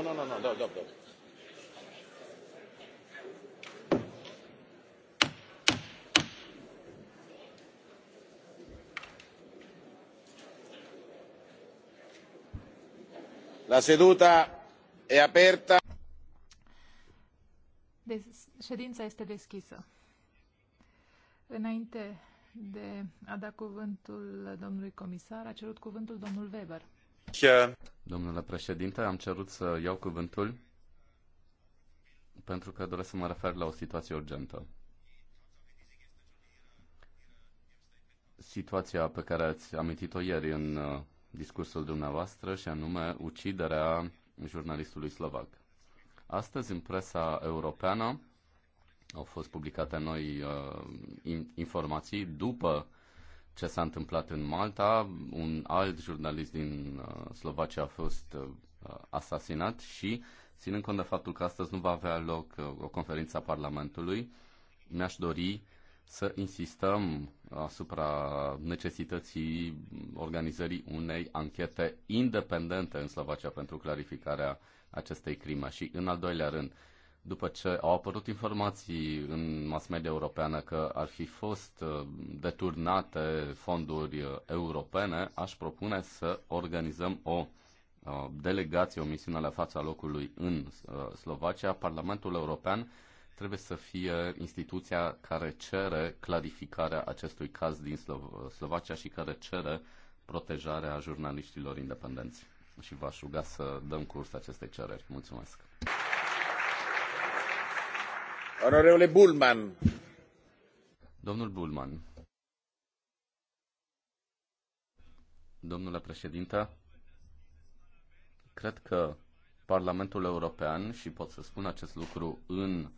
No, no, no, no, da, da, La seduta e aperta. Des ședința este deschisă. Înainte de a da cuvântul domnului comisar, a cerut cuvântul domnul Weber. Domnule președinte, am cerut să iau cuvântul pentru că doresc să mă refer la o situație urgentă. Situația pe care ați amintit-o ieri în uh, discursul dumneavoastră și anume uciderea jurnalistului slovac. Astăzi, în presa europeană, au fost publicate noi uh, informații după ce s-a întâmplat în Malta. Un alt jurnalist din uh, Slovacia a fost uh, asasinat și, ținând cont de faptul că astăzi nu va avea loc uh, o conferință a Parlamentului, mi-aș dori să insistăm asupra necesității organizării unei anchete independente în Slovacia pentru clarificarea acestei crime. Și, în al doilea rând, uh, după ce au apărut informații în mass media europeană că ar fi fost uh, deturnate fonduri uh, europene, aș propune să organizăm o uh, delegație, o misiune la fața locului în Slovacia. Parlamentul European trebuie să fie instituția care cere clarificarea acestui caz din Slo- Slovacia și care cere protejarea jurnaliștilor independenți. Și v-aș ruga să dăm curs acestei cereri. Mulțumesc! Onorevole Bullman. Domnul Bullman. Domnule președinte, cred că Parlamentul European, și pot să spun acest lucru în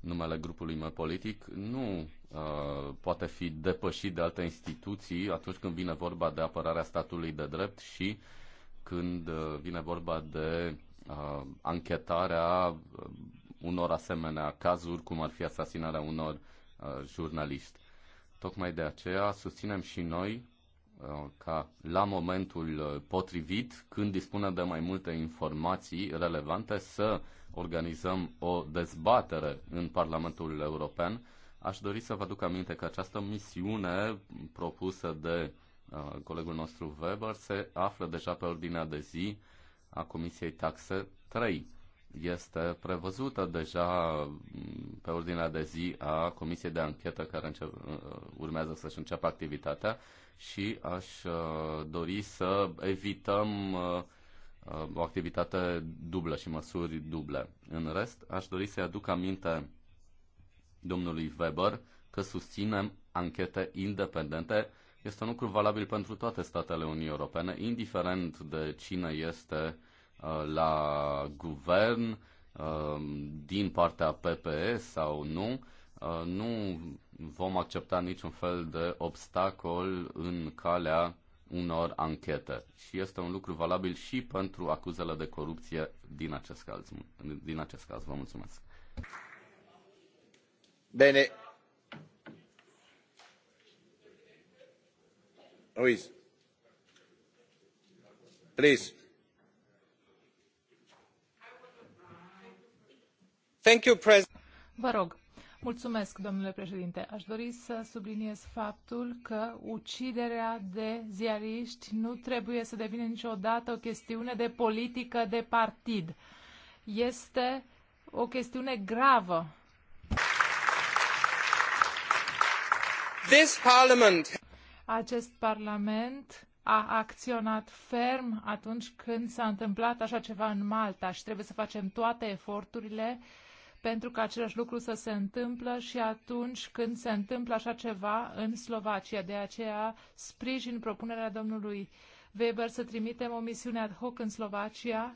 numele grupului meu politic, nu uh, poate fi depășit de alte instituții atunci când vine vorba de apărarea statului de drept și când uh, vine vorba de uh, anchetarea uh, unor asemenea cazuri, cum ar fi asasinarea unor uh, jurnaliști. Tocmai de aceea susținem și noi uh, ca la momentul uh, potrivit, când dispunem de mai multe informații relevante, să organizăm o dezbatere în Parlamentul European. Aș dori să vă aduc aminte că această misiune propusă de uh, colegul nostru Weber se află deja pe ordinea de zi a Comisiei Taxe 3 este prevăzută deja mm, pe ordinea de zi a Comisiei de Anchetă care încep, uh, urmează să-și înceapă activitatea și aș uh, dori să evităm uh, o activitate dublă și măsuri duble. În rest, aș dori să-i aduc aminte domnului Weber că susținem anchete independente. Este un lucru valabil pentru toate statele Uniunii Europene, indiferent de cine este uh, Uh, la guvern uh, din partea PPE sau nu, uh, nu vom accepta niciun fel de obstacol în calea unor anchete. Și este un lucru valabil și pentru acuzele de corupție din acest caz. Din acest caz. Vă mulțumesc. Bine. Luis. Please. rog. Mulțumesc, domnule președinte. Aș dori să subliniez faptul că uciderea de ziariști nu trebuie să devină niciodată o chestiune de politică de partid. Este o chestiune gravă. Acest parlament a acționat ferm atunci când s-a întâmplat așa ceva în Malta și trebuie să facem toate eforturile a pentru ca același lucru să se întâmplă și atunci când se întâmplă așa ceva în Slovacia. De aceea sprijin propunerea domnului Weber să trimitem o misiune ad hoc în Slovacia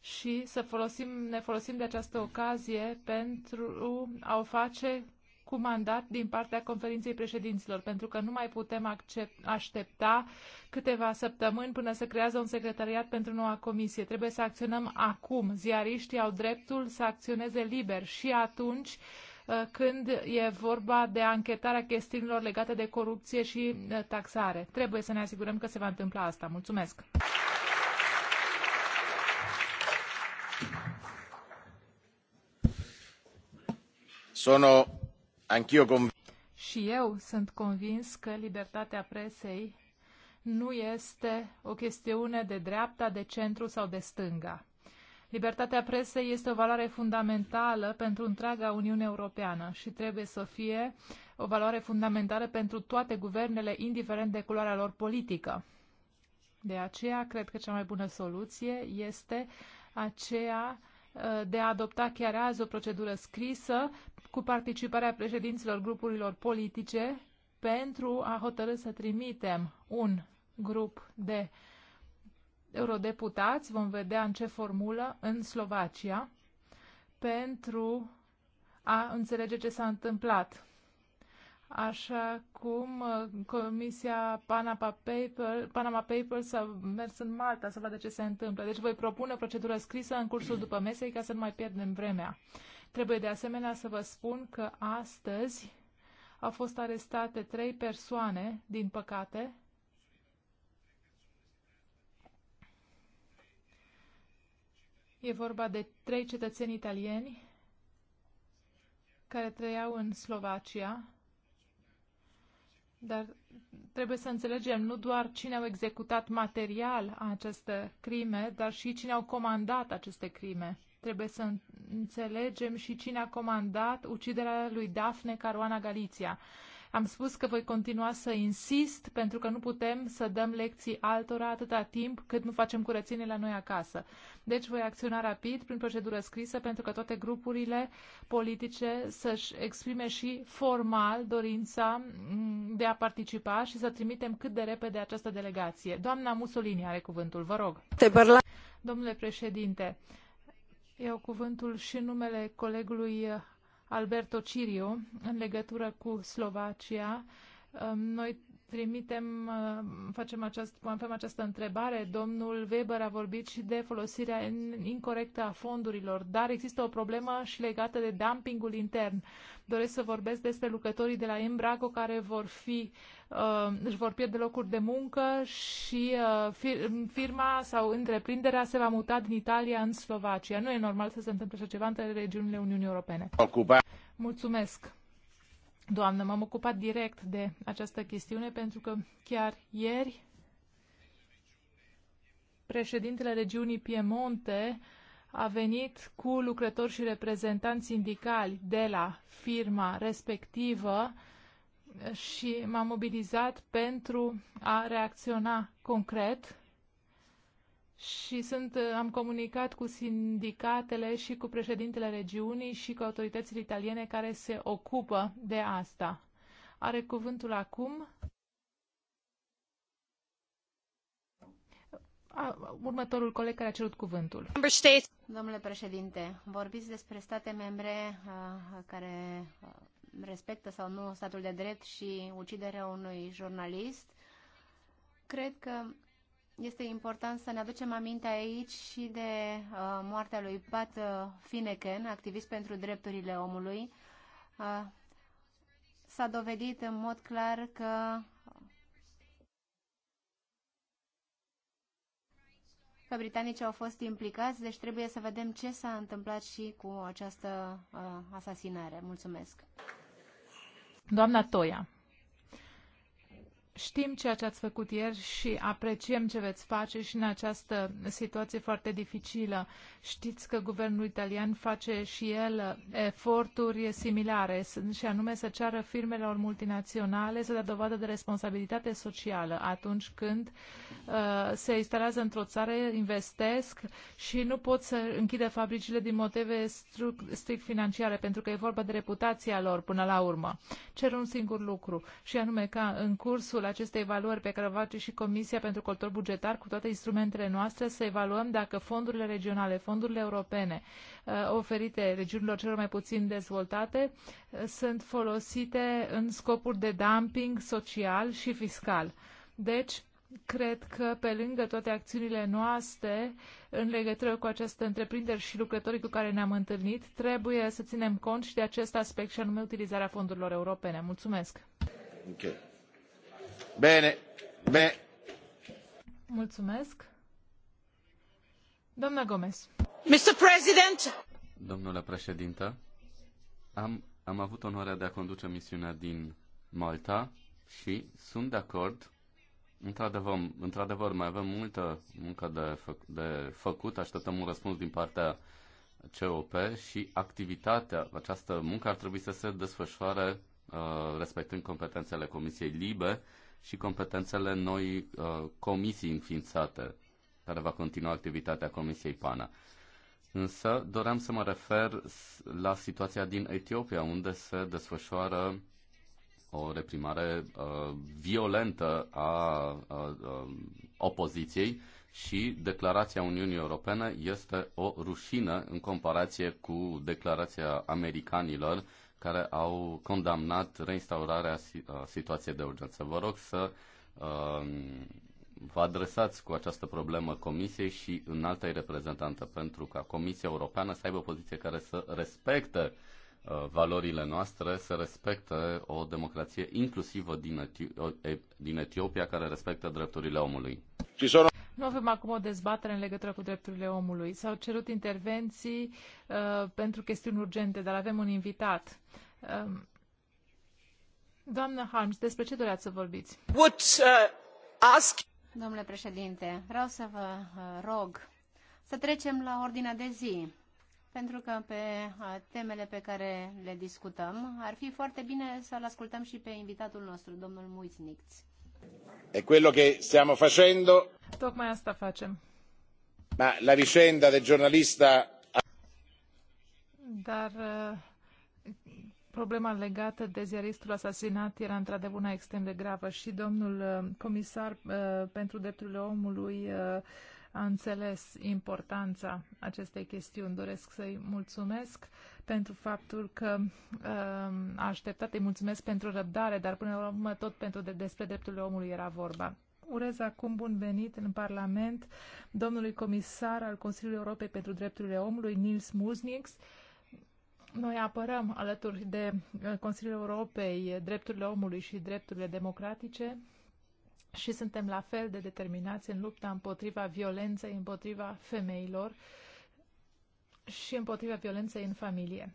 și să folosim, ne folosim de această ocazie pentru a o face cu mandat din partea conferinței președinților, pentru că nu mai putem accept, aștepta câteva săptămâni până se creează un secretariat pentru noua comisie. Trebuie să acționăm acum. Ziariștii au dreptul să acționeze liber și atunci uh, când e vorba de anchetarea chestiunilor legate de corupție și uh, taxare. Trebuie să ne asigurăm că se va întâmpla asta. Mulțumesc! Sono și eu sunt convins că libertatea presei nu este o chestiune de dreapta, de centru sau de stânga. Libertatea presei este o valoare fundamentală pentru întreaga Uniune Europeană și trebuie să fie o valoare fundamentală pentru toate guvernele, indiferent de culoarea lor politică. De aceea, cred că cea mai bună soluție este aceea de a adopta chiar azi o procedură scrisă cu participarea președinților grupurilor politice pentru a hotărâ să trimitem un grup de eurodeputați, vom vedea în ce formulă, în Slovacia, pentru a înțelege ce s-a întâmplat așa cum uh, Comisia Panama, Paper, Panama Papers a mers în Malta să vadă ce se întâmplă. Deci voi propune o procedură scrisă în cursul după mesei ca să nu mai pierdem vremea. Trebuie de asemenea să vă spun că astăzi au fost arestate trei persoane, din păcate, E vorba de trei cetățeni italieni care trăiau în Slovacia, dar trebuie să înțelegem nu doar cine au executat material aceste crime, dar și cine au comandat aceste crime. Trebuie să înțelegem și cine a comandat uciderea lui Dafne Caruana Galiția. Am spus că voi continua să insist pentru că nu putem să dăm lecții altora atâta timp cât nu facem curățenie la noi acasă. Deci voi acționa rapid prin procedură scrisă pentru că toate grupurile politice să-și exprime și formal dorința mm, de a participa și să trimitem cât de repede această delegație. Doamna Mussolini are cuvântul, vă rog. Te Domnule președinte, eu cuvântul și numele colegului Alberto Cirio în legătură cu Slovacia. Noi trimitem, uh, facem, aceast, avem această întrebare. Domnul Weber a vorbit și de folosirea incorrectă a fondurilor, dar există o problemă și legată de dumpingul intern. Doresc să vorbesc despre lucrătorii de la Embraco care vor fi, uh, își vor pierde locuri de muncă și uh, fir, firma sau întreprinderea se va muta din Italia în Slovacia. Nu e normal să se întâmple așa ceva între regiunile Uniunii Europene. Ocupa. Mulțumesc doamnă. M-am ocupat direct de această chestiune pentru că chiar ieri președintele regiunii Piemonte a venit cu lucrători și reprezentanți sindicali de la firma respectivă și m-am mobilizat pentru a reacționa concret și sunt, uh, am comunicat cu sindicatele și cu președintele regiunii și cu autoritățile italiene care se ocupă de asta. Are cuvântul acum. Următorul coleg care a cerut cuvântul. Domnule președinte, vorbiți despre state membre uh, care uh, respectă sau nu statul de drept și uciderea unui jurnalist. Cred că este important să ne aducem aminte aici și de uh, moartea lui Pat uh, Fineken, activist pentru drepturile omului. Uh, S-a dovedit în mod clar că că britanicii au fost implicați, deci trebuie să vedem ce s-a întâmplat și cu această uh, asasinare. Mulțumesc. Doamna Toia. Știm ceea ce ați făcut ieri și apreciem ce veți face și în această situație foarte dificilă. Știți că guvernul italian face și el eforturi similare și anume să ceară firmelor multinaționale să dea dovadă de responsabilitate socială atunci când uh, se instalează într-o țară, investesc și nu pot să închidă fabricile din motive strict financiare pentru că e vorba de reputația lor până la urmă. Cer un singur lucru și anume ca în cursul acestei evaluări pe care o face și Comisia pentru Control Bugetar cu toate instrumentele noastre, să evaluăm dacă fondurile regionale, fondurile europene uh, oferite regiunilor celor mai puțin dezvoltate uh, sunt folosite în scopuri de dumping social și fiscal. Deci, cred că pe lângă toate acțiunile noastre în legătură cu această întreprindere și lucrătorii cu care ne-am întâlnit, trebuie să ținem cont și de acest aspect și anume utilizarea fondurilor europene. Mulțumesc! Okay. Bine, bine. Mulțumesc. Doamna Gomez. Mr. President. Domnule președinte, am, am avut onoarea de a conduce misiunea din Malta și sunt de acord. Într-adevăr, într-adevăr mai avem multă muncă de, fă, de făcut, așteptăm un răspuns din partea COP și activitatea, această muncă ar trebui să se desfășoare uh, respectând competențele Comisiei Libe și competențele noi uh, comisii înființate, care va continua activitatea Comisiei PANA. Însă doream să mă refer la situația din Etiopia, unde se desfășoară o reprimare uh, violentă a uh, uh, opoziției și declarația Uniunii Europene este o rușină în comparație cu declarația americanilor care au condamnat reinstaurarea situației de urgență. Vă rog să um, vă adresați cu această problemă Comisiei și în alta reprezentantă pentru ca Comisia Europeană să aibă o poziție care să respecte uh, valorile noastre, să respecte o democrație inclusivă din, din Etiopia care respectă drepturile omului. Nu avem acum o dezbatere în legătură cu drepturile omului. S-au cerut intervenții uh, pentru chestiuni urgente, dar avem un invitat. Uh, doamnă Harms, despre ce doreați să vorbiți? Would, uh, ask... Domnule președinte, vreau să vă uh, rog să trecem la ordinea de zi pentru că pe uh, temele pe care le discutăm ar fi foarte bine să-l ascultăm și pe invitatul nostru, domnul Muițnicț. E quello che stiamo facendo. Tocmai asta facem. Ma la vicenda del giornalista dar eh, problema legată de ziaristul asasinat era într-adevăr una extrem de gravă și domnul eh, comisar eh, pentru drepturile omului a înțeles importanța acestei chestiuni. Doresc să-i mulțumesc pentru faptul că uh, a așteptat. Îi mulțumesc pentru răbdare, dar până la urmă tot pentru de, despre drepturile omului era vorba. Urez acum bun venit în Parlament domnului comisar al Consiliului Europei pentru Drepturile Omului, Nils Muznix. Noi apărăm alături de uh, Consiliul Europei uh, drepturile omului și drepturile democratice și suntem la fel de determinați în lupta împotriva violenței, împotriva femeilor și împotriva violenței în familie.